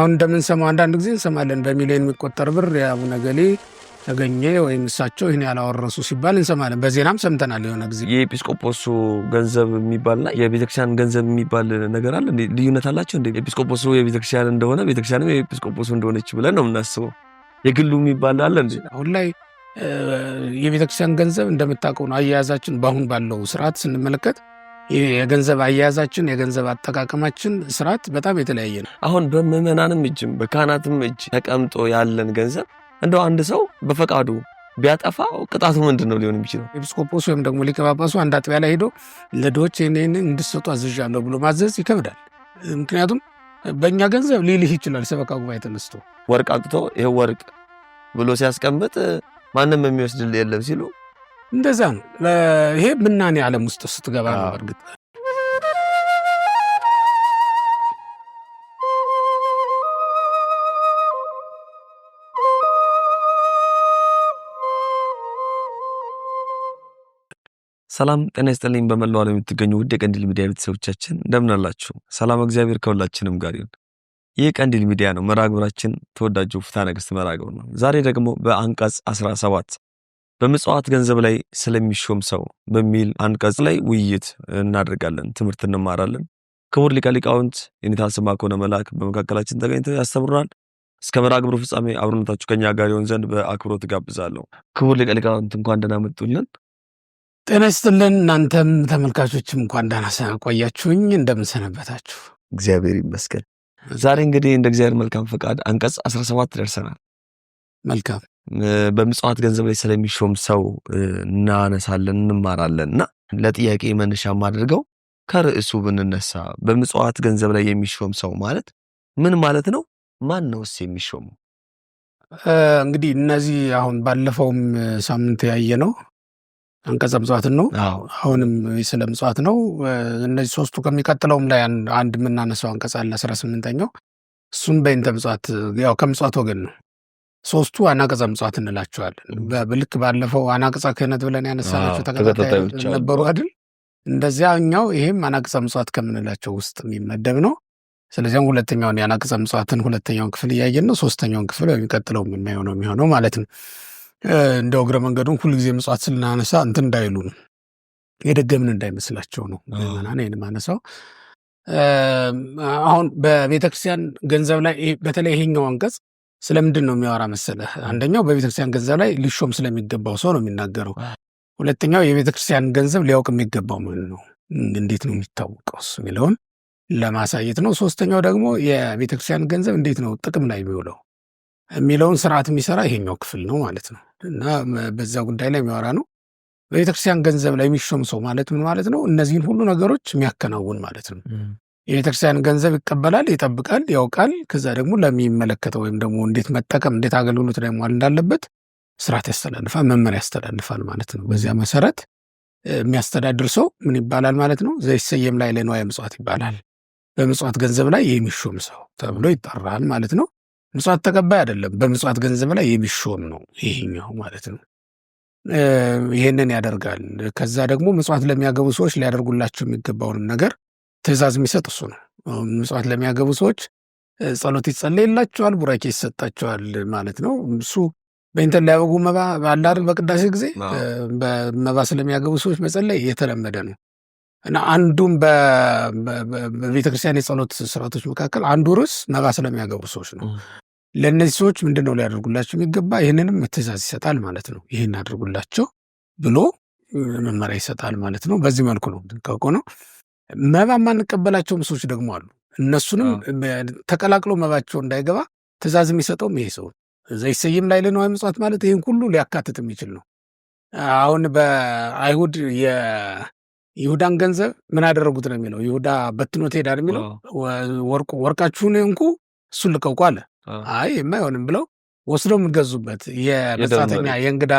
አሁን እንደምንሰማው አንዳንድ ጊዜ እንሰማለን በሚሊዮን የሚቆጠር ብር የአቡነ ገሌ ተገኘ ወይም እሳቸው ይህን ያላወረሱ ሲባል እንሰማለን። በዜናም ሰምተናል። የሆነ ጊዜ የኤጲስቆጶሱ ገንዘብ የሚባልና የቤተክርስቲያን ገንዘብ የሚባል ነገር አለ። ልዩነት አላቸው እንደ ኤጲስቆጶሱ የቤተክርስቲያን እንደሆነ ቤተክርስቲያንም የኤጲስቆጶሱ እንደሆነች ብለን ነው የምናስበው። የግሉ የሚባል አለ እንዴ? አሁን ላይ የቤተክርስቲያን ገንዘብ እንደምታውቀው ነው አያያዛችን። በአሁን ባለው ስርዓት ስንመለከት የገንዘብ አያያዛችን የገንዘብ አጠቃቀማችን ስርዓት በጣም የተለያየ ነው። አሁን በምዕመናንም እጅም በካህናትም እጅ ተቀምጦ ያለን ገንዘብ እንደው አንድ ሰው በፈቃዱ ቢያጠፋ ቅጣቱ ምንድን ነው ሊሆን የሚችለው? ኤጲስቆጶስ ወይም ደግሞ ሊቀ ጳጳሱ አንድ አጥቢያ ላይ ሄዶ ለድሆች ይህንን እንድሰጡ አዝዣለሁ ብሎ ማዘዝ ይከብዳል። ምክንያቱም በእኛ ገንዘብ ሊልህ ይችላል። ሰበካ ጉባኤ ተነስቶ ወርቅ አቅቶ ይህ ወርቅ ብሎ ሲያስቀምጥ ማንም የሚወስድል የለም ሲሉ እንደዛ ነው። ይሄ ምናኔ ዓለም ውስጥ ስትገባ ነው። እርግጥ ሰላም ጤና ይስጥልኝ። በመላው ዓለም የምትገኙ ውድ የቀንዲል ሚዲያ ቤተሰቦቻችን እንደምን አላችሁ? ሰላም እግዚአብሔር ከሁላችንም ጋር ይሁን። ይህ ቀንዲል ሚዲያ ነው። መርሃ ግብራችን ተወዳጁ ፍትሐ ነገሥት መርሃ ግብር ነው። ዛሬ ደግሞ በአንቀጽ 17 በምጽዋት ገንዘብ ላይ ስለሚሾም ሰው በሚል አንቀጽ ላይ ውይይት እናደርጋለን፣ ትምህርት እንማራለን። ክቡር ሊቀ ሊቃውንት የኔታ ከሆነ መልአክ በመካከላችን ተገኝተው ያስተምሩናል። እስከ መርሐ ግብሩ ፍጻሜ አብሮነታችሁ ከኛ ጋር ይሆን ዘንድ በአክብሮት ጋብዛለሁ። ክቡር ሊቀ ሊቃውንት እንኳን ደህና መጡልን። ጤና ይስጥልን። እናንተም ተመልካቾችም እንኳን ደህና ቆያችሁኝ። እንደምንሰነበታችሁ እግዚአብሔር ይመስገን። ዛሬ እንግዲህ እንደ እግዚአብሔር መልካም ፈቃድ አንቀጽ 17 ደርሰናል። መልካም በምጽዋት ገንዘብ ላይ ስለሚሾም ሰው እናነሳለን እንማራለን እና ለጥያቄ መነሻም አድርገው ከርዕሱ ብንነሳ በምጽዋት ገንዘብ ላይ የሚሾም ሰው ማለት ምን ማለት ነው? ማን ነውስ የሚሾሙ? እንግዲህ እነዚህ አሁን ባለፈውም ሳምንት ያየ ነው አንቀጸ ምጽዋትን ነው። አሁንም ስለ ምጽዋት ነው። እነዚህ ሶስቱ ከሚቀጥለውም ላይ አንድ የምናነሳው አንቀጽ አለ አስራ ስምንተኛው እሱም በይንተ ምጽዋት ያው ከምጽዋት ወገን ነው ሶስቱ አናቀጸ ምጽዋት እንላቸዋለን። ልክ ባለፈው አናቀጸ ክህነት ብለን ያነሳናቸው ተከታታዮች ነበሩ አይደል? እንደዚያኛው ይሄም አናቀጸ ምጽዋት ከምንላቸው ውስጥ የሚመደብ ነው። ስለዚያም ሁለተኛውን የአናቀጸ ምጽዋትን ሁለተኛውን ክፍል እያየን ነው። ሶስተኛውን ክፍል የሚቀጥለው የምናየው ነው የሚሆነው ማለት ነው። እንደው እግረ መንገዱን ሁልጊዜ ምጽዋት ስልናነሳ እንትን እንዳይሉ ነው የደገምን እንዳይመስላቸው ነው ምናምን ይህን ማነሳው አሁን በቤተክርስቲያን ገንዘብ ላይ በተለይ ይሄኛው አንቀጽ ስለምንድን ነው የሚያወራ መሰለህ? አንደኛው በቤተክርስቲያን ገንዘብ ላይ ሊሾም ስለሚገባው ሰው ነው የሚናገረው። ሁለተኛው የቤተክርስቲያን ገንዘብ ሊያውቅ የሚገባው ምን ነው፣ እንዴት ነው የሚታወቀው እሱ የሚለውን ለማሳየት ነው። ሶስተኛው ደግሞ የቤተክርስቲያን ገንዘብ እንዴት ነው ጥቅም ላይ የሚውለው የሚለውን ስርዓት የሚሰራ ይሄኛው ክፍል ነው ማለት ነው። እና በዛ ጉዳይ ላይ የሚያወራ ነው። በቤተክርስቲያን ገንዘብ ላይ የሚሾም ሰው ማለት ምን ማለት ነው? እነዚህን ሁሉ ነገሮች የሚያከናውን ማለት ነው። የቤተክርስቲያን ገንዘብ ይቀበላል፣ ይጠብቃል፣ ያውቃል። ከዛ ደግሞ ለሚመለከተው ወይም ደግሞ እንዴት መጠቀም እንዴት አገልግሎት ላይ መዋል እንዳለበት ስርዓት ያስተላልፋል፣ መመሪያ ያስተላልፋል ማለት ነው። በዚያ መሰረት የሚያስተዳድር ሰው ምን ይባላል ማለት ነው? ዘይሰየም ላይ ለንዋየ ምጽዋት ይባላል። በምጽዋት ገንዘብ ላይ የሚሾም ሰው ተብሎ ይጠራል ማለት ነው። ምጽዋት ተቀባይ አይደለም፣ በምጽዋት ገንዘብ ላይ የሚሾም ነው ይሄኛው ማለት ነው። ይህንን ያደርጋል። ከዛ ደግሞ ምጽዋት ለሚያገቡ ሰዎች ሊያደርጉላቸው የሚገባውንም ነገር ትእዛዝ የሚሰጥ እሱ ነው። ምጽዋት ለሚያገቡ ሰዎች ጸሎት ይጸለይላቸዋል፣ ቡራኬ ይሰጣቸዋል ማለት ነው። እሱ በኢንተር ሊያበጉ መባ አላር በቅዳሴ ጊዜ በመባ ስለሚያገቡ ሰዎች መጸለይ የተለመደ ነው እና አንዱም በቤተ ክርስቲያን የጸሎት ስርዓቶች መካከል አንዱ ርዕስ መባ ስለሚያገቡ ሰዎች ነው። ለእነዚህ ሰዎች ምንድን ነው ሊያደርጉላቸው የሚገባ? ይህንንም ትእዛዝ ይሰጣል ማለት ነው። ይህን አድርጉላቸው ብሎ መመሪያ ይሰጣል ማለት ነው። በዚህ መልኩ ነው ድንቀቁ ነው። መባ የማንቀበላቸው ምስሎች ደግሞ አሉ። እነሱንም ተቀላቅሎ መባቸው እንዳይገባ ትእዛዝ የሚሰጠውም ይሄ ሰው ዘይሰይም ላይ ለነዋይ ምጽዋት ማለት ይህን ሁሉ ሊያካትት የሚችል ነው። አሁን በአይሁድ የይሁዳን ገንዘብ ምን አደረጉት ነው የሚለው። ይሁዳ በትኖት ሄዳል የሚለው ወርቃችሁን እንኩ እሱን ልቀውቁ አለ። አይ የማይሆንም ብለው ወስዶ የምትገዙበት የመጻተኛ የእንግዳ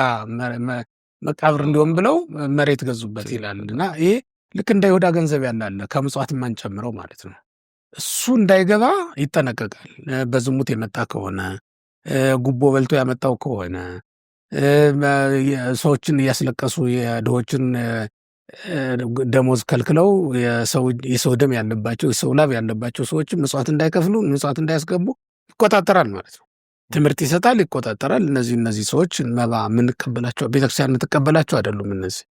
መቃብር እንዲሆን ብለው መሬት ገዙበት ይላል እና ይሄ ልክ እንደ ይሁዳ ገንዘብ ያላለ ከምጽዋት የማንጨምረው ማለት ነው። እሱ እንዳይገባ ይጠነቀቃል። በዝሙት የመጣ ከሆነ ጉቦ በልቶ ያመጣው ከሆነ ሰዎችን እያስለቀሱ የድሆችን ደሞዝ ከልክለው የሰው ደም ያለባቸው የሰው ላብ ያለባቸው ሰዎችን ምጽዋት እንዳይከፍሉ ምጽዋት እንዳያስገቡ ይቆጣጠራል ማለት ነው። ትምህርት ይሰጣል፣ ይቆጣጠራል። እነዚህ እነዚህ ሰዎች መባ የምንቀበላቸው ቤተክርስቲያን የምትቀበላቸው አይደሉም እነዚህ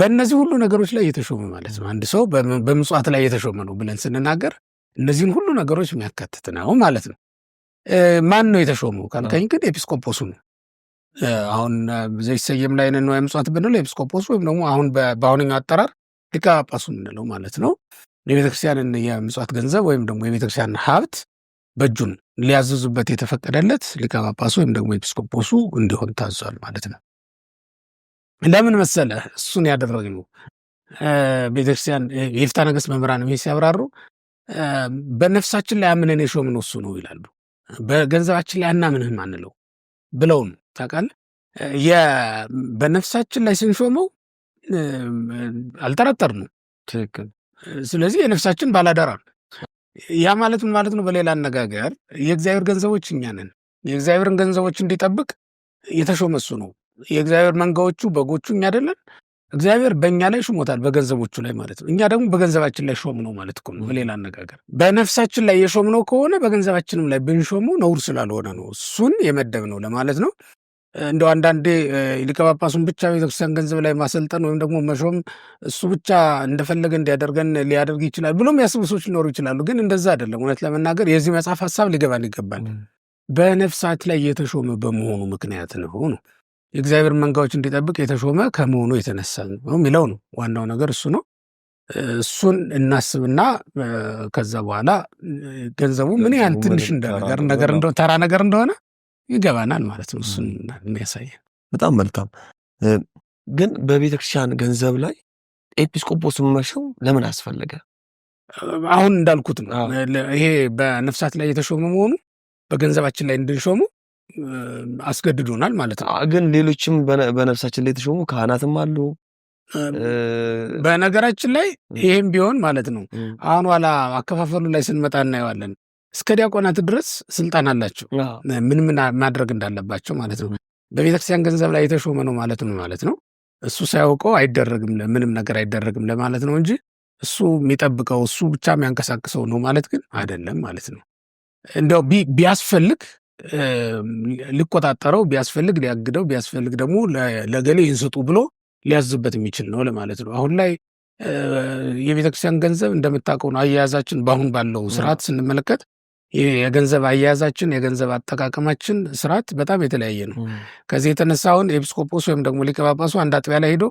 በእነዚህ ሁሉ ነገሮች ላይ የተሾመ ማለት ነው። አንድ ሰው በምጽዋት ላይ የተሾመ ነው ብለን ስንናገር እነዚህን ሁሉ ነገሮች የሚያካትት ነው ማለት ነው። ማን ነው የተሾመው ካልከኝ ግን ኤጲስቆጶሱ ነው። አሁን ዘይሰየም ላይ ነን ምጽዋት ብንለው ኤጲስቆጶሱ ወይም ደግሞ አሁን በአሁንኛው አጠራር ሊቀ ጳጳሱ የምንለው ማለት ነው የቤተክርስቲያንን የምጽዋት ገንዘብ ወይም ደግሞ የቤተክርስቲያን ሀብት በእጁን ሊያዘዙበት የተፈቀደለት ሊቀ ጳጳሱ ወይም ደግሞ ኤጲስቆጶሱ እንዲሆን ታዟል ማለት ነው። ለምን መሰለ እሱን ያደረግነው ቤተክርስቲያን የኤፍታ ነገሥት መምህራን ሲያብራሩ በነፍሳችን ላይ አምነን የሾምነው እሱ ነው ይላሉ። በገንዘባችን ላይ አናምንህም አንለው ብለው ነው ታውቃለህ። በነፍሳችን ላይ ስንሾመው አልጠረጠርንም። ትክክል። ስለዚህ የነፍሳችን ባላደራ ነው። ያ ማለት ምን ማለት ነው? በሌላ አነጋገር የእግዚአብሔር ገንዘቦች እኛ ነን። የእግዚአብሔርን ገንዘቦች እንዲጠብቅ የተሾመ እሱ ነው። የእግዚአብሔር መንጋዎቹ በጎቹ እኛ አይደለን። እግዚአብሔር በእኛ ላይ ሹሞታል፣ በገንዘቦቹ ላይ ማለት ነው። እኛ ደግሞ በገንዘባችን ላይ ሾም ነው ማለት ነው። በሌላ አነጋገር በነፍሳችን ላይ የሾም ነው ከሆነ በገንዘባችንም ላይ ብንሾመው ነውር ስላልሆነ ነው እሱን የመደብ ነው ለማለት ነው። እንደው አንዳንዴ ሊቀ ጳጳሱን ብቻ ቤተክርስቲያን ገንዘብ ላይ ማሰልጠን ወይም ደግሞ መሾም እሱ ብቻ እንደፈለገ እንዲያደርገን ሊያደርግ ይችላል ብሎም ያስቡ ሰዎች ሊኖሩ ይችላሉ። ግን እንደዛ አይደለም። እውነት ለመናገር የዚህ መጽሐፍ ሀሳብ ሊገባን ይገባል። በነፍሳት ላይ የተሾመ በመሆኑ ምክንያት ነው ነው የእግዚአብሔር መንጋዎች እንዲጠብቅ የተሾመ ከመሆኑ የተነሳ ነው የሚለው ነው። ዋናው ነገር እሱ ነው። እሱን እናስብና ከዛ በኋላ ገንዘቡ ምን ያህል ትንሽ ነገር ተራ ነገር እንደሆነ ይገባናል ማለት ነው። እሱን የሚያሳየን በጣም መልካም። ግን በቤተ ክርስቲያን ገንዘብ ላይ ኤጲስቆጶስ መሾም ለምን አስፈለገ? አሁን እንዳልኩት ነው። ይሄ በነፍሳት ላይ የተሾመ መሆኑ በገንዘባችን ላይ እንድንሾሙ አስገድዶናል ማለት ነው። ግን ሌሎችም በነፍሳችን ላይ የተሾሙ ካህናትም አሉ። በነገራችን ላይ ይህም ቢሆን ማለት ነው አሁን ኋላ አከፋፈሉ ላይ ስንመጣ እናየዋለን። እስከ ዲያቆናት ድረስ ስልጣን አላቸው፣ ምን ምን ማድረግ እንዳለባቸው ማለት ነው። በቤተክርስቲያን ገንዘብ ላይ የተሾመ ነው ማለት ነው ማለት ነው። እሱ ሳያውቀው አይደረግም፣ ምንም ነገር አይደረግም ለማለት ነው እንጂ እሱ የሚጠብቀው እሱ ብቻ የሚያንቀሳቅሰው ነው ማለት ግን አይደለም ማለት ነው። እንደው ቢያስፈልግ ሊቆጣጠረው ቢያስፈልግ ሊያግደው ቢያስፈልግ ደግሞ ለገሌ ይንስጡ ብሎ ሊያዝበት የሚችል ነው ለማለት ነው። አሁን ላይ የቤተክርስቲያን ገንዘብ እንደምታውቀው ነው አያያዛችን። በአሁን ባለው ስርዓት ስንመለከት የገንዘብ አያያዛችን የገንዘብ አጠቃቀማችን ስርዓት በጣም የተለያየ ነው። ከዚህ የተነሳ አሁን ኤጲስቆጶስ ወይም ደግሞ ሊቀ አንድ አጥቢያ ላይ ሄዶ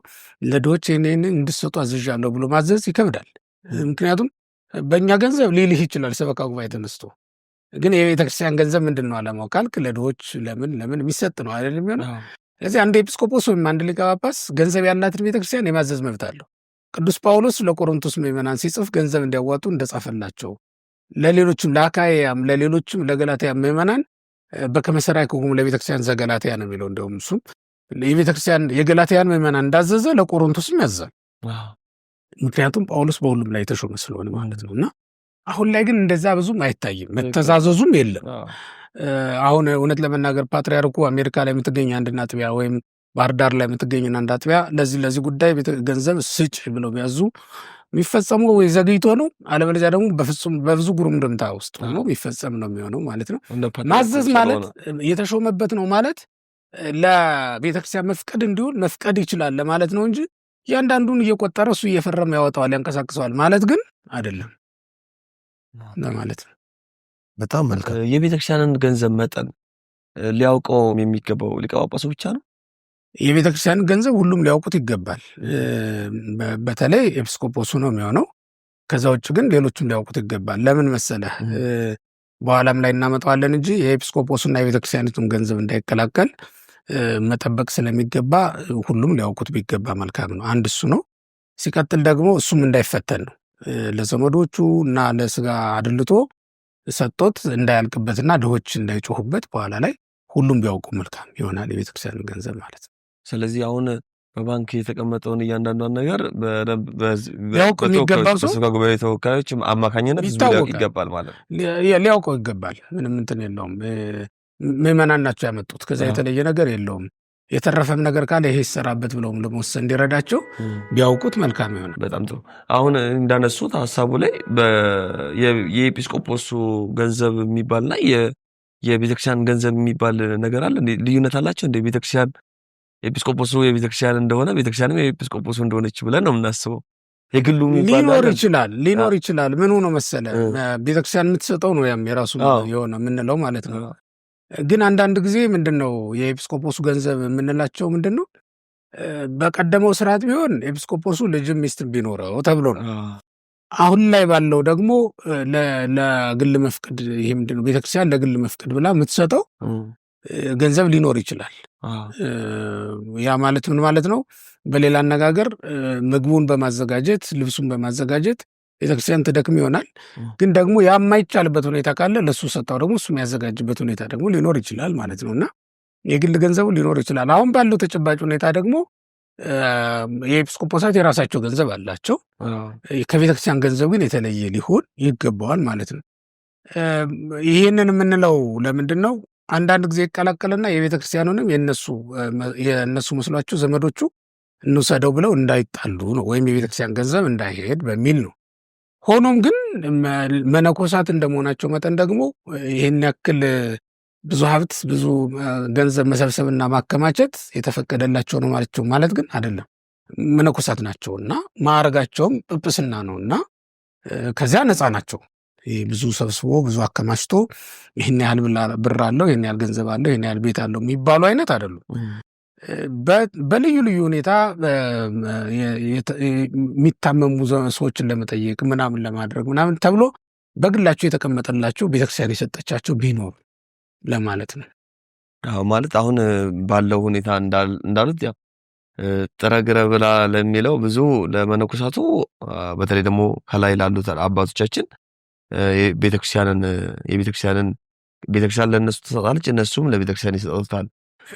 ለድሆች ይህንን እንድሰጡ አዝዣለሁ ብሎ ማዘዝ ይከብዳል። ምክንያቱም በእኛ ገንዘብ ሊልህ ይችላል ሰበካ ጉባኤ ተነስቶ ግን የቤተክርስቲያን ገንዘብ ምንድን ነው አላማው ካልክ ለድሆች ለምን ለምን የሚሰጥ ነው አይደል የሚሆነ ስለዚህ አንድ ኤጲስቆጶስ ወይም አንድ ሊቀ ጳጳስ ገንዘብ ያላትን ቤተክርስቲያን የማዘዝ መብት አለው ቅዱስ ጳውሎስ ለቆሮንቶስ ምዕመናን ሲጽፍ ገንዘብ እንዲያዋጡ እንደጻፈላቸው ለሌሎችም ለአካያም ለሌሎችም ለገላትያ ምዕመናን በከመሰራይክሙ ለቤተክርስቲያን ዘገላትያ ነው የሚለው እንዲሁም እሱም የቤተክርስቲያን የገላትያን ምዕመናን እንዳዘዘ ለቆሮንቶስም ያዛል ምክንያቱም ጳውሎስ በሁሉም ላይ የተሾመ ስለሆነ ማለት ነው እና አሁን ላይ ግን እንደዛ ብዙም አይታይም፣ መተዛዘዙም የለም። አሁን እውነት ለመናገር ፓትሪያርኩ አሜሪካ ላይ የምትገኝ አንድና አጥቢያ ወይም ባህር ዳር ላይ የምትገኝ አንድ አጥቢያ ለዚህ ለዚህ ጉዳይ ገንዘብ ስጭ ብለው ቢያዙ የሚፈጸሙ ወይ ዘግይቶ ነው፣ አለበለዚያ ደግሞ በፍጹም በብዙ ጉርምድምታ ውስጥ ሆኖ የሚፈጸም ነው የሚሆነው ማለት ነው። ማዘዝ ማለት የተሾመበት ነው ማለት ለቤተክርስቲያን መፍቀድ እንዲሆን መፍቀድ ይችላል ለማለት ነው እንጂ እያንዳንዱን እየቆጠረ እሱ እየፈረመ ያወጣዋል፣ ያንቀሳቅሰዋል ማለት ግን አይደለም። ለማለት ነው። በጣም መልካም። የቤተክርስቲያንን ገንዘብ መጠን ሊያውቀው የሚገባው ሊቀጳጳሱ ብቻ ነው። የቤተክርስቲያንን ገንዘብ ሁሉም ሊያውቁት ይገባል። በተለይ ኤጲስቆጶሱ ነው የሚሆነው። ከዛ ውጭ ግን ሌሎቹም ሊያውቁት ይገባል። ለምን መሰለህ? በኋላም ላይ እናመጣዋለን እንጂ የኤጲስቆጶሱና የቤተክርስቲያኒቱን ገንዘብ እንዳይቀላቀል መጠበቅ ስለሚገባ ሁሉም ሊያውቁት ቢገባ መልካም ነው። አንድ እሱ ነው። ሲቀጥል ደግሞ እሱም እንዳይፈተን ነው። ለዘመዶቹ እና ለስጋ አድልቶ ሰጥቶት እንዳያልቅበትና ድሆች እንዳይጮሁበት በኋላ ላይ ሁሉም ቢያውቁ መልካም ይሆናል። የቤተክርስቲያን ገንዘብ ማለት ነው። ስለዚህ አሁን በባንክ የተቀመጠውን እያንዳንዷን ነገር በስጋ ጉባኤ ተወካዮች አማካኝነት ይገባል ማለት ሊያውቀው ይገባል። ምንም እንትን የለውም። ምዕመናን ናቸው ያመጡት። ከዛ የተለየ ነገር የለውም። የተረፈም ነገር ካለ ይሄ ይሰራበት ብለውም ለመወሰን እንዲረዳቸው ቢያውቁት መልካም ይሆናል። በጣም ጥሩ። አሁን እንዳነሱት ሀሳቡ ላይ የኤጲስቆጶሱ ገንዘብ የሚባልና የቤተክርስቲያን ገንዘብ የሚባል ነገር አለ። ልዩነት አላቸው እንደ ቤተክርስቲያን ኤጲስቆጶሱ የቤተክርስቲያን እንደሆነ ቤተክርስቲያንም የኤጲስቆጶሱ እንደሆነች ብለን ነው የምናስበው። የግሉ ሊኖር ይችላል ሊኖር ይችላል። ምን ሆኖ መሰለ ቤተክርስቲያን የምትሰጠው ነው ያም የራሱ የሆነ የምንለው ማለት ነው ግን አንዳንድ ጊዜ ምንድን ነው የኤጲስቆጶሱ ገንዘብ የምንላቸው ምንድን ነው በቀደመው ስርዓት ቢሆን ኤጲስቆጶሱ ልጅም ሚስትም ቢኖረው ተብሎ ነው። አሁን ላይ ባለው ደግሞ ለግል መፍቀድ ይህ ምንድን ነው ቤተክርስቲያን ለግል መፍቀድ ብላ የምትሰጠው ገንዘብ ሊኖር ይችላል። ያ ማለት ምን ማለት ነው? በሌላ አነጋገር ምግቡን በማዘጋጀት ልብሱን በማዘጋጀት ቤተክርስቲያን ትደክም ይሆናል። ግን ደግሞ ያ የማይቻልበት ሁኔታ ካለ ለእሱ ሰጣው ደግሞ እሱ የሚያዘጋጅበት ሁኔታ ደግሞ ሊኖር ይችላል ማለት ነው እና የግል ገንዘቡ ሊኖር ይችላል። አሁን ባለው ተጨባጭ ሁኔታ ደግሞ የኤጲስቆጶሳት የራሳቸው ገንዘብ አላቸው። ከቤተክርስቲያን ገንዘብ ግን የተለየ ሊሆን ይገባዋል ማለት ነው። ይህንን የምንለው ለምንድን ነው? አንዳንድ ጊዜ ይቀላቀልና የቤተክርስቲያኑንም የእነሱ መስሏቸው ዘመዶቹ እንውሰደው ብለው እንዳይጣሉ ነው፣ ወይም የቤተክርስቲያን ገንዘብ እንዳይሄድ በሚል ነው ሆኖም ግን መነኮሳት እንደመሆናቸው መጠን ደግሞ ይህን ያክል ብዙ ሀብት ብዙ ገንዘብ መሰብሰብና ማከማቸት የተፈቀደላቸው ነው ማለቸው ማለት ግን አይደለም። መነኮሳት ናቸውና ማዕረጋቸውም ጵጵስና ነውና ከዚያ ነፃ ናቸው። ብዙ ሰብስቦ ብዙ አከማችቶ ይህን ያህል ብር አለው፣ ይህን ያህል ገንዘብ አለው፣ ይህን ያህል ቤት አለው የሚባሉ አይነት አይደሉም። በልዩ ልዩ ሁኔታ የሚታመሙ ሰዎችን ለመጠየቅ ምናምን ለማድረግ ምናምን ተብሎ በግላቸው የተቀመጠላቸው ቤተክርስቲያን የሰጠቻቸው ቢኖር ለማለት ነው። አዎ ማለት አሁን ባለው ሁኔታ እንዳሉት ያው ጥረግረ ብላ ለሚለው ብዙ ለመነኮሳቱ በተለይ ደግሞ ከላይ ላሉት አባቶቻችን ቤተክርስቲያንን የቤተክርስቲያንን ቤተክርስቲያን ለእነሱ ትሰጣለች፣ እነሱም ለቤተክርስቲያን ይሰጡታል።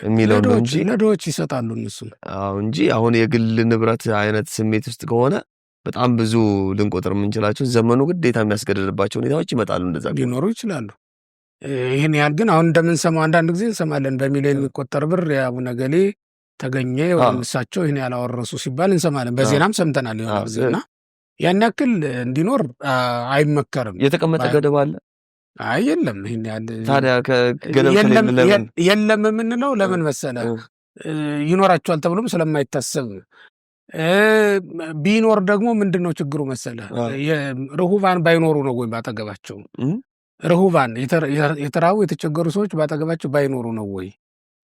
የሚለው ነው እንጂ ለድሆች ይሰጣሉ እነሱ እንጂ አሁን የግል ንብረት አይነት ስሜት ውስጥ ከሆነ በጣም ብዙ ልንቆጥር የምንችላቸው ዘመኑ ግዴታ የሚያስገድድባቸው ሁኔታዎች ይመጣሉ። እንደዛ ሊኖሩ ይችላሉ። ይህን ያህል ግን አሁን እንደምንሰማው አንዳንድ ጊዜ እንሰማለን። በሚሊዮን የሚቆጠር ብር የአቡነ ገሌ ተገኘ ወይም እሳቸው ይህን ያላወረሱ ሲባል እንሰማለን። በዜናም ሰምተናል የሆነ ጊዜ እና ያን ያክል እንዲኖር አይመከርም። የተቀመጠ ገደብ አለ አይ የለም። ይህን ያህል ታዲያ የለም የምንለው ለምን መሰለ? ይኖራቸዋል ተብሎም ስለማይታሰብ ቢኖር ደግሞ ምንድን ነው ችግሩ መሰለ? ርሁባን ባይኖሩ ነው ወይ ባጠገባቸው? ርሁባን የተራቡ የተቸገሩ ሰዎች ባጠገባቸው ባይኖሩ ነው ወይ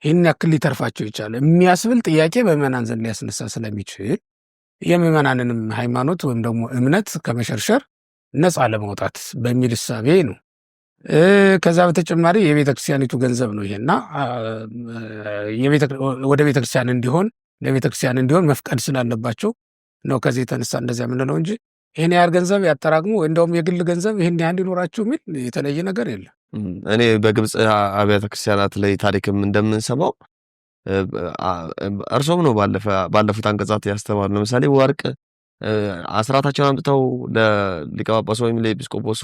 ይህን ያክል ሊተርፋቸው ይቻላል የሚያስብል ጥያቄ በምዕመናን ዘንድ ሊያስነሳ ስለሚችል የምዕመናንንም ሃይማኖት ወይም ደግሞ እምነት ከመሸርሸር ነፃ ለማውጣት በሚል እሳቤ ነው ከዛ በተጨማሪ የቤተ ክርስቲያኒቱ ገንዘብ ነው ይሄና ወደ ቤተ ክርስቲያን እንዲሆን ለቤተ ክርስቲያን እንዲሆን መፍቀድ ስላለባቸው ነው። ከዚህ የተነሳ እንደዚያ የምንለው እንጂ ይህን ያህል ገንዘብ ያጠራቅሙ እንደውም የግል ገንዘብ ይህን ያህል ሊኖራችሁ የሚል የተለየ ነገር የለም። እኔ በግብፅ አብያተ ክርስቲያናት ላይ ታሪክም እንደምንሰማው እርሶም ነው ባለፉት አንቀጻት ያስተማሩ። ለምሳሌ ወርቅ አስራታቸውን አምጥተው ለሊቀ ጳጳሱ ወይም ለኤጲስቆጶሱ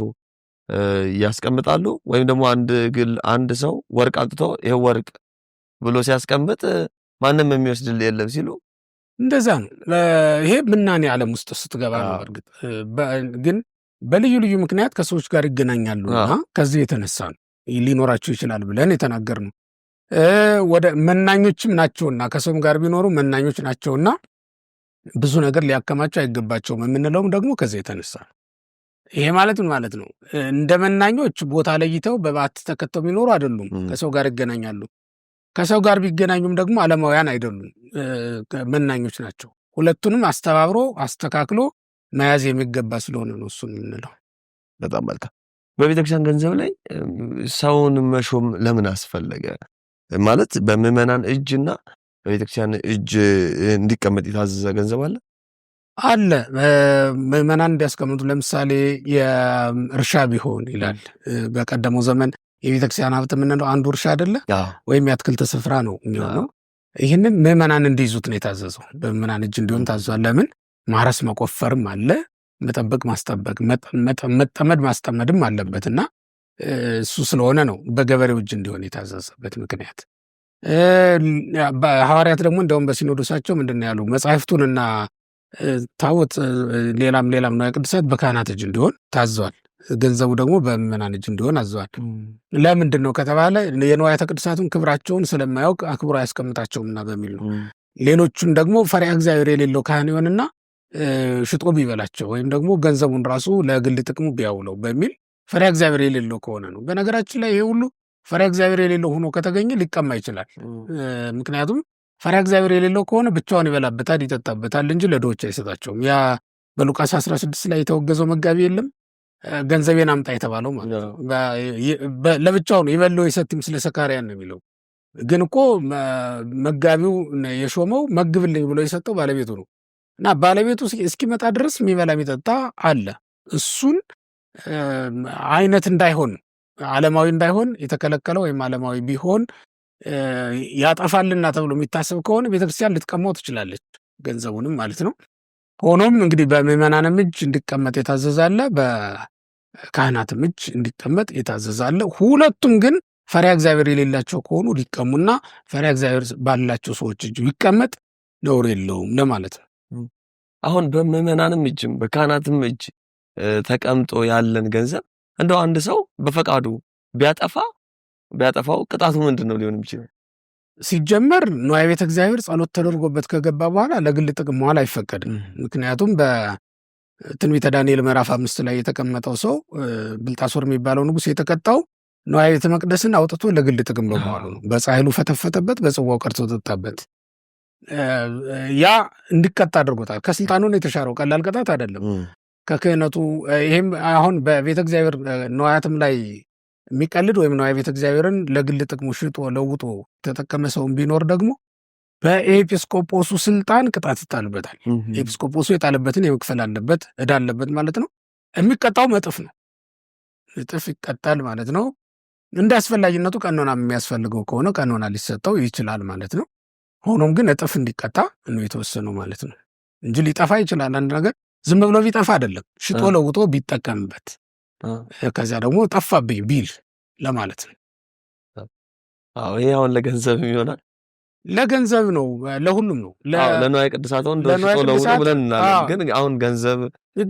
ያስቀምጣሉ ወይም ደግሞ አንድ ግል አንድ ሰው ወርቅ አምጥቶ ይሄ ወርቅ ብሎ ሲያስቀምጥ ማንም የሚወስድል የለም ሲሉ እንደዛ ነው። ይሄ ምናኔ ዓለም ውስጥ ስትገባ ነው። እርግጥ ግን በልዩ ልዩ ምክንያት ከሰዎች ጋር ይገናኛሉ እና ከዚህ የተነሳ ነው ሊኖራቸው ይችላል ብለን የተናገር ነው። ወደ መናኞችም ናቸውና ከሰውም ጋር ቢኖሩ መናኞች ናቸውና ብዙ ነገር ሊያከማቸው አይገባቸውም የምንለውም ደግሞ ከዚህ የተነሳ ነው። ይሄ ማለት ምን ማለት ነው? እንደ መናኞች ቦታ ለይተው በባት ተከተው የሚኖሩ አይደሉም። ከሰው ጋር ይገናኛሉ። ከሰው ጋር ቢገናኙም ደግሞ አለማውያን አይደሉም፣ መናኞች ናቸው። ሁለቱንም አስተባብሮ አስተካክሎ መያዝ የሚገባ ስለሆነ ነው እሱ የምንለው። በጣም መልካም። በቤተክርስቲያን ገንዘብ ላይ ሰውን መሾም ለምን አስፈለገ? ማለት በምዕመናን እጅና በቤተክርስቲያን እጅ እንዲቀመጥ የታዘዘ ገንዘብ አለ? አለ ምዕመናን እንዲያስቀምጡ ለምሳሌ የእርሻ ቢሆን ይላል። በቀደመው ዘመን የቤተክርስቲያን ሀብት የምንለው አንዱ እርሻ አይደለ ወይም የአትክልት ስፍራ ነው የሚሆነው። ይህንን ምዕመናን እንዲይዙት ነው የታዘዘው። በምዕመናን እጅ እንዲሆን ታዟል። ለምን ማረስ መቆፈርም አለ፣ መጠበቅ ማስጠበቅ፣ መጠመድ ማስጠመድም አለበት እና እሱ ስለሆነ ነው በገበሬው እጅ እንዲሆን የታዘዘበት ምክንያት። ሐዋርያት ደግሞ እንደውም በሲኖዶሳቸው ምንድን ያሉ መጽሐፍቱንና ታቦት ሌላም ሌላም ነው ቅድሳት በካህናት እጅ እንዲሆን ታዘዋል። ገንዘቡ ደግሞ በምዕመናን እጅ እንዲሆን አዘዋል። ለምንድን ነው ከተባለ የንዋያተ ቅዱሳቱን ክብራቸውን ስለማያውቅ አክብሮ አያስቀምጣቸውምና በሚል ነው። ሌሎቹን ደግሞ ፈሪያ እግዚአብሔር የሌለው ካህን ይሆንና ሽጦ ቢበላቸው ወይም ደግሞ ገንዘቡን ራሱ ለግል ጥቅሙ ቢያውለው በሚል ፈሪያ እግዚአብሔር የሌለው ከሆነ ነው። በነገራችን ላይ ይሄ ሁሉ ፈሪያ እግዚአብሔር የሌለው ሆኖ ከተገኘ ሊቀማ ይችላል። ምክንያቱም ፈሪሃ እግዚአብሔር የሌለው ከሆነ ብቻውን ይበላበታል፣ ይጠጣበታል እንጂ ለድሆች አይሰጣቸውም። ያ በሉቃስ 16 ላይ የተወገዘው መጋቢ የለም ገንዘቤን አምጣ የተባለው ማለት ለብቻው ነው ይበለው የሰትም ስለ ሰካሪያን ነው የሚለው። ግን እኮ መጋቢው የሾመው መግብልኝ ብሎ የሰጠው ባለቤቱ ነው እና ባለቤቱ እስኪመጣ ድረስ የሚበላ የሚጠጣ አለ። እሱን አይነት እንዳይሆን አለማዊ እንዳይሆን የተከለከለ ወይም አለማዊ ቢሆን ያጠፋልና ተብሎ የሚታሰብ ከሆነ ቤተክርስቲያን ልትቀማው ትችላለች፣ ገንዘቡንም ማለት ነው። ሆኖም እንግዲህ በምዕመናንም እጅ እንዲቀመጥ የታዘዛለ፣ በካህናትም እጅ እንዲቀመጥ የታዘዛለ። ሁለቱም ግን ፈሪያ እግዚአብሔር የሌላቸው ከሆኑ ሊቀሙና ፈሪያ እግዚአብሔር ባላቸው ሰዎች እጅ ቢቀመጥ ነውር የለውም ለማለት ነው። አሁን በምዕመናንም እጅም በካህናትም እጅ ተቀምጦ ያለን ገንዘብ እንደው አንድ ሰው በፈቃዱ ቢያጠፋ ቢያጠፋው ቅጣቱ ምንድን ነው ሊሆን የሚችለው? ሲጀመር ንዋየ ቤተ እግዚአብሔር ጸሎት ተደርጎበት ከገባ በኋላ ለግል ጥቅም መዋል አይፈቀድም። ምክንያቱም በትንቢተ ዳንኤል ምዕራፍ አምስት ላይ የተቀመጠው ሰው ብልጣሶር የሚባለው ንጉሥ የተቀጣው ንዋየ ቤተ መቅደስን አውጥቶ ለግል ጥቅም በመዋሉ ነው። በጻሕሉ ፈተፈተበት፣ በጽዋው ቀርቶ ጠጣበት። ያ እንዲቀጣ አድርጎታል። ከስልጣኑ ነው የተሻረው። ቀላል ቅጣት አይደለም። ከክህነቱ ይህም አሁን በቤተ እግዚአብሔር ንዋያትም ላይ የሚቀልድ ወይም ነው ቤተ እግዚአብሔርን ለግል ጥቅሙ ሽጦ ለውጦ የተጠቀመ ሰውን ቢኖር ደግሞ በኤጲስቆጶሱ ስልጣን ቅጣት ይጣልበታል። ኤጲስቆጶሱ የጣለበትን የመክፈል አለበት፣ እዳ አለበት ማለት ነው። የሚቀጣው መጥፍ ነው። እጥፍ ይቀጣል ማለት ነው። እንደ አስፈላጊነቱ ቀኖና የሚያስፈልገው ከሆነ ቀኖና ሊሰጠው ይችላል ማለት ነው። ሆኖም ግን እጥፍ እንዲቀጣ ነው የተወሰነው ማለት ነው እንጂ ሊጠፋ ይችላል። አንድ ነገር ዝም ብሎ ቢጠፋ አይደለም፣ ሽጦ ለውጦ ቢጠቀምበት ከዚያ ደግሞ ጠፋብኝ ቢል ለማለት ነው። ይህ አሁን ለገንዘብ ይሆናል። ለገንዘብ ነው፣ ለሁሉም ነው። ለንዋየ ቅድሳት ሆን ብለን ግን አሁን ገንዘብ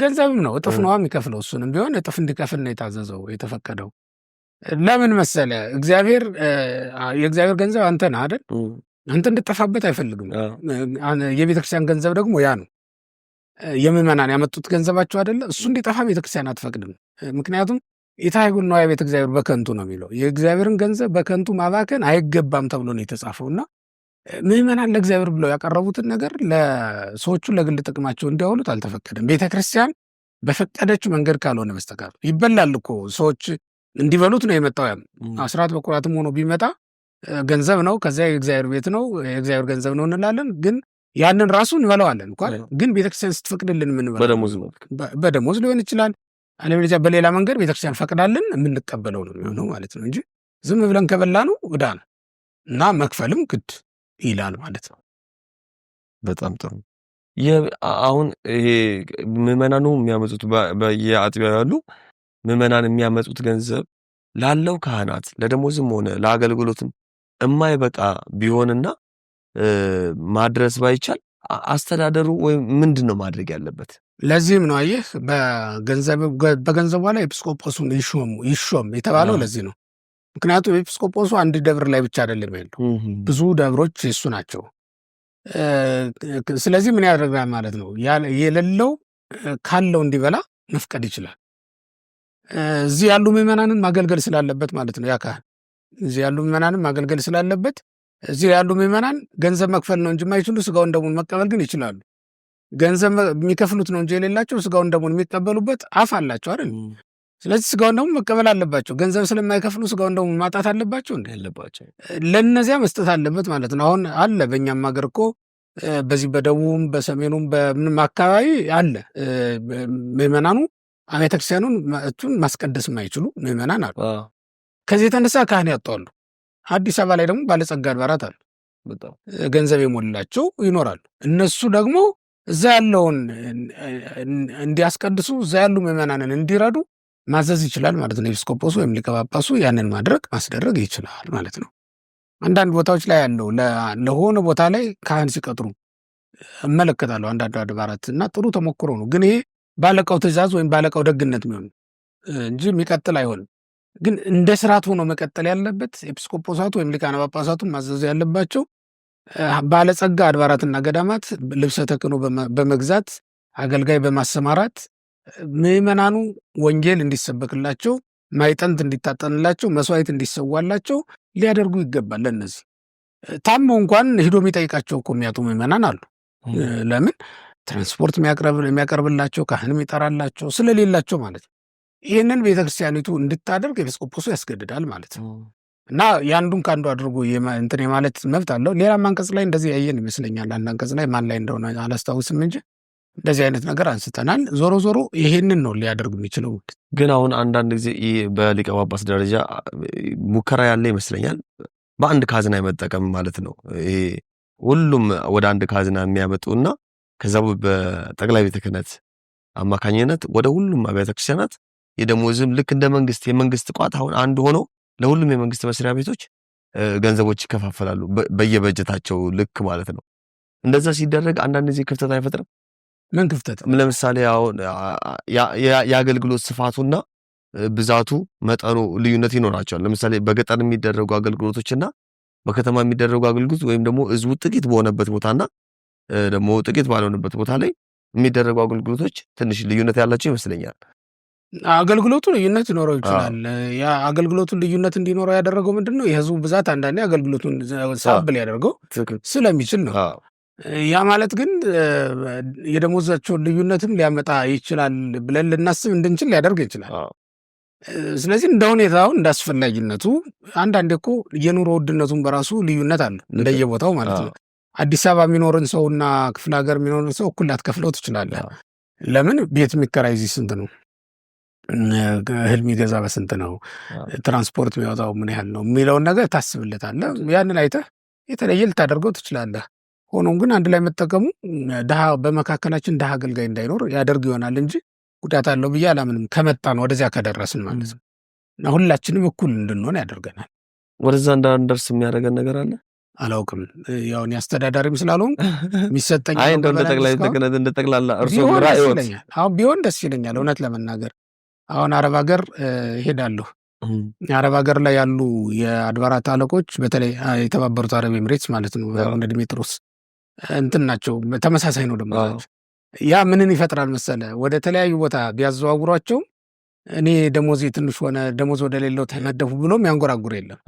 ገንዘብም ነው። እጥፍ ነዋ የሚከፍለው። እሱንም ቢሆን እጥፍ እንዲከፍል ነው የታዘዘው የተፈቀደው። ለምን መሰለ እግዚአብሔር የእግዚአብሔር ገንዘብ አንተ ነህ አይደል? አንተ እንድጠፋበት አይፈልግም። የቤተክርስቲያን ገንዘብ ደግሞ ያ ነው። የምዕመናን ያመጡት ገንዘባቸው አይደለ? እሱ እንዲጠፋ ቤተክርስቲያን አትፈቅድም። ምክንያቱም ኢታይጉን ነዋየ ቤተ እግዚአብሔር በከንቱ ነው የሚለው። የእግዚአብሔርን ገንዘብ በከንቱ ማባከን አይገባም ተብሎ ነው የተጻፈው እና ምዕመናን ለእግዚአብሔር ብለው ያቀረቡትን ነገር ለሰዎቹ ለግል ጥቅማቸው እንዲያውሉት አልተፈቀደም። ቤተ ክርስቲያን በፈቀደችው መንገድ ካልሆነ በስተቀር ይበላል እኮ ሰዎች እንዲበሉት ነው የመጣው። ያም አስራት በኩራትም ሆኖ ቢመጣ ገንዘብ ነው፣ ከዚያ የእግዚአብሔር ቤት ነው፣ የእግዚአብሔር ገንዘብ ነው እንላለን። ግን ያንን ራሱ እንበለዋለን እኳ ግን ቤተክርስቲያን ስትፈቅድልን ምንበ በደሞዝ ሊሆን ይችላል አለበለዚያ በሌላ መንገድ ቤተክርስቲያን ፈቅዳልን የምንቀበለው ነው የሚሆነው ማለት ነው እንጂ ዝም ብለን ከበላ ነው ዕዳ ነው እና መክፈልም ግድ ይላል ማለት ነው። በጣም ጥሩ። አሁን ይሄ ምዕመናኑ የሚያመጡት በየአጥቢያ ያሉ ምዕመናን የሚያመጡት ገንዘብ ላለው ካህናት ለደሞዝም ሆነ ለአገልግሎትም የማይበቃ ቢሆንና ማድረስ ባይቻል አስተዳደሩ ወይም ምንድን ነው ማድረግ ያለበት? ለዚህም ነው አየህ በገንዘቧ ላይ ኤጲስቆጶሱን ይሾም የተባለው ለዚህ ነው። ምክንያቱም ኤጲስቆጶሱ አንድ ደብር ላይ ብቻ አይደለም ያለው፣ ብዙ ደብሮች እሱ ናቸው። ስለዚህ ምን ያደርጋል ማለት ነው? የሌለው ካለው እንዲበላ መፍቀድ ይችላል። እዚህ ያሉ ምዕመናንን ማገልገል ስላለበት ማለት ነው። ያ ካህን እዚህ ያሉ ምዕመናንን ማገልገል ስላለበት እዚህ ያሉ ምዕመናን ገንዘብ መክፈል ነው እንጂ የማይችሉ ስጋውን ደሙን መቀበል ግን ይችላሉ። ገንዘብ የሚከፍሉት ነው እንጂ የሌላቸው ስጋውን ደግሞ የሚቀበሉበት አፍ አላቸው አይደል? ስለዚህ ስጋውን ደግሞ መቀበል አለባቸው። ገንዘብ ስለማይከፍሉ ስጋውን ደግሞ ማጣት አለባቸው እንደ ለእነዚያ መስጠት አለበት ማለት ነው። አሁን አለ በእኛም ሀገር እኮ በዚህ በደቡብም በሰሜኑም በምንም አካባቢ አለ ምዕመናኑ አብያተ እቱን ማስቀደስ የማይችሉ ምዕመናን አሉ። ከዚህ የተነሳ ካህን ያጠዋሉ። አዲስ አበባ ላይ ደግሞ ባለጸጋ አድባራት አሉ፣ ገንዘብ የሞላቸው ይኖራሉ። እነሱ ደግሞ እዛ ያለውን እንዲያስቀድሱ እዛ ያሉ ምዕመናንን እንዲረዱ ማዘዝ ይችላል ማለት ነው። ኤጲስቆጶሱ ወይም ሊቀ ጳጳሱ ያንን ማድረግ ማስደረግ ይችላል ማለት ነው። አንዳንድ ቦታዎች ላይ ያለው ለሆነ ቦታ ላይ ካህን ሲቀጥሩ እመለከታለሁ አንዳንድ አድባራት እና ጥሩ ተሞክሮ ነው። ግን ይሄ ባለቀው ትእዛዝ ወይም ባለቀው ደግነት የሚሆን እንጂ የሚቀጥል አይሆንም። ግን እንደ ስርዓት ሆኖ መቀጠል ያለበት ኤጲስቆጶሳቱ ወይም ሊቃነ ጳጳሳቱን ማዘዝ ያለባቸው ባለጸጋ አድባራትና ገዳማት ልብሰ ተክህኖ በመግዛት አገልጋይ በማሰማራት ምዕመናኑ ወንጌል እንዲሰበክላቸው ማይጠንት እንዲታጠንላቸው መስዋዕት እንዲሰዋላቸው ሊያደርጉ ይገባል። ለእነዚህ ታሞ እንኳን ሂዶ የሚጠይቃቸው እኮ የሚያጡ ምዕመናን አሉ። ለምን ትራንስፖርት የሚያቀርብላቸው ካህን የሚጠራላቸው ስለሌላቸው ማለት ነው። ይህንን ቤተክርስቲያኒቱ እንድታደርግ ኤጲስቆጶሱ ያስገድዳል ማለት ነው። እና የአንዱን ከአንዱ አድርጎ እንትን የማለት መብት አለው። ሌላም አንቀጽ ላይ እንደዚህ ያየን ይመስለኛል። አንድ አንቀጽ ላይ ማን ላይ እንደሆነ አላስታውስም እንጂ እንደዚህ አይነት ነገር አንስተናል። ዞሮ ዞሮ ይሄንን ነው ሊያደርግ የሚችለው። ግን አሁን አንዳንድ ጊዜ በሊቀ ጳጳስ ደረጃ ሙከራ ያለ ይመስለኛል። በአንድ ካዝና የመጠቀም ማለት ነው። ይሄ ሁሉም ወደ አንድ ካዝና የሚያመጡ እና ከዛ በጠቅላይ ቤተ ክህነት አማካኝነት ወደ ሁሉም አብያተ ክርስቲያናት የደሞዝም ልክ እንደ መንግስት የመንግስት ቋት አሁን አንድ ሆኖ ለሁሉም የመንግስት መስሪያ ቤቶች ገንዘቦች ይከፋፈላሉ፣ በየበጀታቸው ልክ ማለት ነው። እንደዛ ሲደረግ አንዳንድ ጊዜ ክፍተት አይፈጥርም? ምን ክፍተት? ለምሳሌ የአገልግሎት ስፋቱና ብዛቱ መጠኑ ልዩነት ይኖራቸዋል። ለምሳሌ በገጠር የሚደረጉ አገልግሎቶችና በከተማ የሚደረጉ አገልግሎት ወይም ደግሞ ህዝቡ ጥቂት በሆነበት ቦታና ደግሞ ጥቂት ባልሆነበት ቦታ ላይ የሚደረጉ አገልግሎቶች ትንሽ ልዩነት ያላቸው ይመስለኛል። አገልግሎቱ ልዩነት ሊኖረው ይችላል። ያ አገልግሎቱን ልዩነት እንዲኖረው ያደረገው ምንድን ነው? የህዝቡ ብዛት አንዳንዴ አገልግሎቱን ሳብል ያደርገው ስለሚችል ነው። ያ ማለት ግን የደሞዛቸውን ልዩነትም ሊያመጣ ይችላል ብለን ልናስብ እንድንችል ሊያደርግ ይችላል። ስለዚህ እንደ ሁኔታው እንደ አስፈላጊነቱ፣ አንዳንዴ እኮ የኑሮ ውድነቱን በራሱ ልዩነት አለ እንደየቦታው ማለት ነው። አዲስ አበባ የሚኖርን እና ክፍለ ሀገር የሚኖርን ሰው እኩል ላትከፍለው ትችላለህ። ለምን ቤት የሚከራይ እዚህ ስንት ነው? እህል የሚገዛ በስንት ነው፣ ትራንስፖርት የሚያወጣው ምን ያህል ነው የሚለውን ነገር ታስብለታለህ። ያንን አይተህ የተለየ ልታደርገው ትችላለህ። ሆኖም ግን አንድ ላይ መጠቀሙ ድሀ በመካከላችን ድሃ አገልጋይ እንዳይኖር ያደርግ ይሆናል እንጂ ጉዳት አለው ብዬ አላምንም። ከመጣን ወደዚያ ከደረስን ማለት ነው እና ሁላችንም እኩል እንድንሆን ያደርገናል። ወደዛ እንዳንደርስ የሚያደርገን ነገር አለ አላውቅም። ያውን እኔ አስተዳዳሪም ስላልሆን የሚሰጠኝ እንደ ጠቅላላ ቢሆን ደስ ቢሆን ደስ ይለኛል እውነት ለመናገር አሁን አረብ ሀገር ይሄዳለሁ። አረብ ሀገር ላይ ያሉ የአድባራት አለቆች በተለይ የተባበሩት አረብ ኤምሬትስ ማለት ነው አቡነ ድሜጥሮስ እንትን ናቸው። ተመሳሳይ ነው ደግሞ ያ ምንን ይፈጥራል መሰለ ወደ ተለያዩ ቦታ ቢያዘዋውሯቸው እኔ ደሞዝ ትንሽ ሆነ ደሞዝ ወደ ሌለው ተመደፉ ብሎም ያንጎራጉር የለም።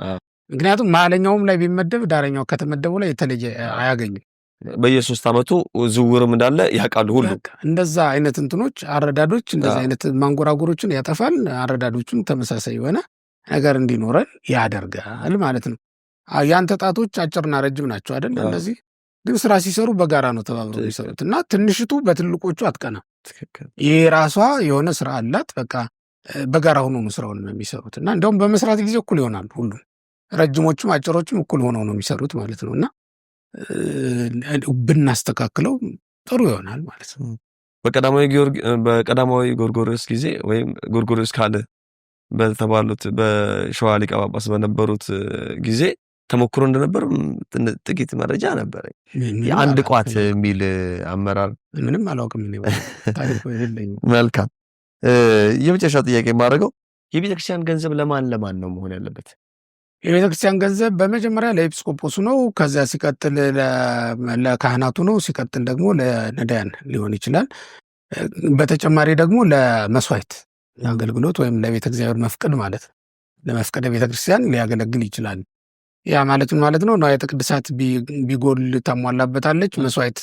ምክንያቱም መሀለኛውም ላይ ቢመደብ ዳረኛው ከተመደቡ ላይ የተለየ አያገኝም። በየሶስት ዓመቱ ዝውውርም እንዳለ ያውቃሉ ሁሉ። እንደዛ አይነት እንትኖች አረዳዶች፣ እንደዛ አይነት ማንጎራጎሮችን ያጠፋል። አረዳዶችን ተመሳሳይ የሆነ ነገር እንዲኖረን ያደርጋል ማለት ነው። ያንተ ጣቶች አጭርና ረጅም ናቸው አይደል? እነዚህ ግን ስራ ሲሰሩ በጋራ ነው ተባብሮ የሚሰሩት እና ትንሽቱ በትልቆቹ አትቀና። ይህ ራሷ የሆነ ስራ አላት። በቃ በጋራ ሆኖ ነው ስራውን የሚሰሩት እና እንደውም በመስራት ጊዜ እኩል ይሆናሉ ሁሉም። ረጅሞቹም አጭሮቹም እኩል ሆነው ነው የሚሰሩት ማለት ነው እና ብናስተካክለው ጥሩ ይሆናል ማለት ነው። በቀዳማዊ በቀዳማዊ ጎርጎሪዎስ ጊዜ ወይም ጎርጎሪዎስ ካለ በተባሉት በሸዋ ሊቀ ጳጳስ በነበሩት ጊዜ ተሞክሮ እንደነበር ጥቂት መረጃ ነበረ። የአንድ ቋት የሚል አመራር ምንም አላውቅም። መልካም። የመጨረሻ ጥያቄ የማደርገው የቤተክርስቲያን ገንዘብ ለማን ለማን ነው መሆን ያለበት? የቤተ ክርስቲያን ገንዘብ በመጀመሪያ ለኤጲስቆጶሱ ነው። ከዚያ ሲቀጥል ለካህናቱ ነው። ሲቀጥል ደግሞ ለነዳያን ሊሆን ይችላል። በተጨማሪ ደግሞ ለመስዋዕት አገልግሎት ወይም ለቤተ እግዚአብሔር መፍቀድ ማለት ነው። ለመፍቀደ ቤተ ክርስቲያን ሊያገለግል ይችላል። ያ ማለት ማለት ነው። ንዋየ ቅድሳት ቢጎል ታሟላበታለች። መስዋዕት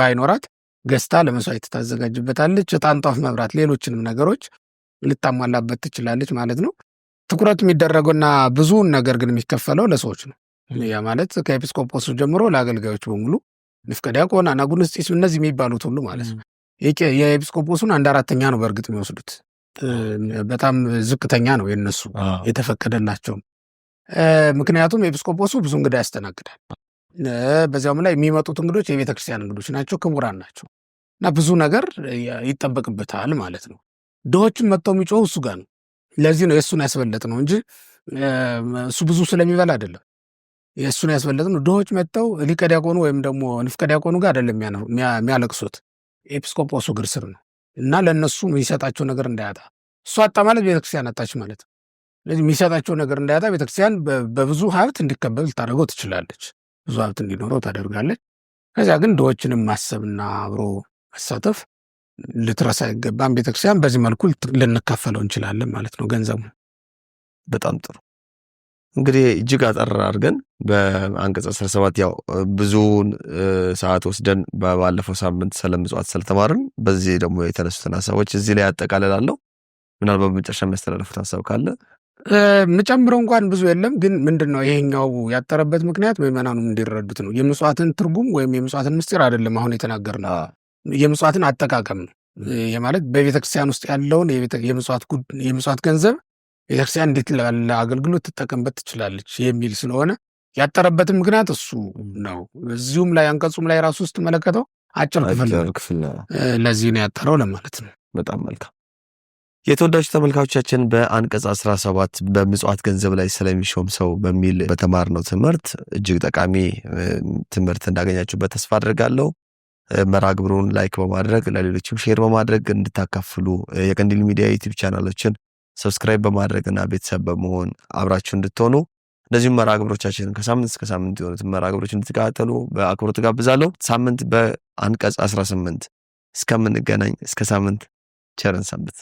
ባይኖራት ገዝታ ለመስዋዕት ታዘጋጅበታለች። ዕጣን፣ ጧፍ፣ መብራት፣ ሌሎችንም ነገሮች ልታሟላበት ትችላለች ማለት ነው። ትኩረት የሚደረገውና ብዙውን ነገር ግን የሚከፈለው ለሰዎች ነው። ያ ማለት ከኤጲስቆጶሱ ጀምሮ ለአገልጋዮች በሙሉ ንፍቀ ዲያቆን፣ አናጉንስጢስ እነዚህ የሚባሉት ሁሉ ማለት ነው። የኤጲስቆጶሱን አንድ አራተኛ ነው በእርግጥ የሚወስዱት። በጣም ዝቅተኛ ነው የነሱ የተፈቀደላቸውም። ምክንያቱም ኤጲስቆጶሱ ብዙ እንግዳ ያስተናግዳል። በዚያውም ላይ የሚመጡት እንግዶች የቤተ ክርስቲያን እንግዶች ናቸው፣ ክቡራን ናቸው እና ብዙ ነገር ይጠበቅበታል ማለት ነው። ድሆችም መጥተው የሚጮሁ እሱ ጋር ነው። ለዚህ ነው የእሱን ያስበለጥ ነው እንጂ እሱ ብዙ ስለሚበላ አይደለም። የእሱን ያስበለጥ ነው። ድሆች መጥተው ሊቀ ዲያቆኑ ወይም ደግሞ ንፍቀ ዲያቆኑ ጋር አይደለም የሚያለቅሱት፣ ኤጲስቆጶሱ እግር ስር ነው እና ለእነሱ የሚሰጣቸው ነገር እንዳያጣ እሱ አጣ ማለት ቤተክርስቲያን አጣች ማለት ነው። ስለዚህ የሚሰጣቸው ነገር እንዳያጣ ቤተክርስቲያን በብዙ ሀብት እንዲከበብ ልታደርገው ትችላለች። ብዙ ሀብት እንዲኖረው ታደርጋለች። ከዚያ ግን ድሆችንም ማሰብና አብሮ መሳተፍ ልትረሳ አይገባም ቤተክርስቲያን። በዚህ መልኩ ልንካፈለው እንችላለን ማለት ነው ገንዘቡ። በጣም ጥሩ እንግዲህ እጅግ አጠር አድርገን በአንቀጽ 17 ያው ብዙውን ሰዓት ወስደን ባለፈው ሳምንት ስለ ምጽዋት ስለተማርን በዚህ ደግሞ የተነሱትን ሀሳቦች እዚህ ላይ ያጠቃልላለሁ። ምናልባት በመጨረሻ የሚያስተላለፉት ሀሳብ ካለ ምጨምረው እንኳን ብዙ የለም፣ ግን ምንድን ነው ይሄኛው ያጠረበት ምክንያት ምዕመናኑም እንዲረዱት ነው። የምጽዋትን ትርጉም ወይም የምጽዋትን ምስጢር አይደለም አሁን የተናገርነው የምጽዋትን አጠቃቀም ነው። የማለት ውስጥ ያለውን የምጽዋት ገንዘብ ቤተክርስቲያን እንዴት ለአገልግሎት ትጠቀምበት ትችላለች የሚል ስለሆነ ያጠረበትም ምክንያት እሱ ነው። እዚሁም ላይ አንቀጹም ላይ ራሱ ስትመለከተው አጭር ክፍል ለዚህ ነው ያጠረው ለማለት ነው። በጣም መልካም የተወዳጅ ተመልካቾቻችን በአንቀጽ 17 በምጽዋት ገንዘብ ላይ ስለሚሾም ሰው በሚል በተማርነው ትምህርት እጅግ ጠቃሚ ትምህርት እንዳገኛችሁበት ተስፋ አድርጋለሁ። መራግብሩን ላይክ በማድረግ ለሌሎችም ሼር በማድረግ እንድታካፍሉ የቀንዲል ሚዲያ ዩቲዩብ ቻናሎችን ሰብስክራይብ በማድረግና ቤተሰብ በመሆን አብራችሁ እንድትሆኑ እንደዚሁም መራግብሮቻችን ከሳምንት እስከ ሳምንት የሆኑት መራግብሮች እንድትከታተሉ በአክብሮት ጋብዛለሁ። ሳምንት በአንቀጽ 18 እስከምንገናኝ እስከ ሳምንት ቸርን ሰንብት።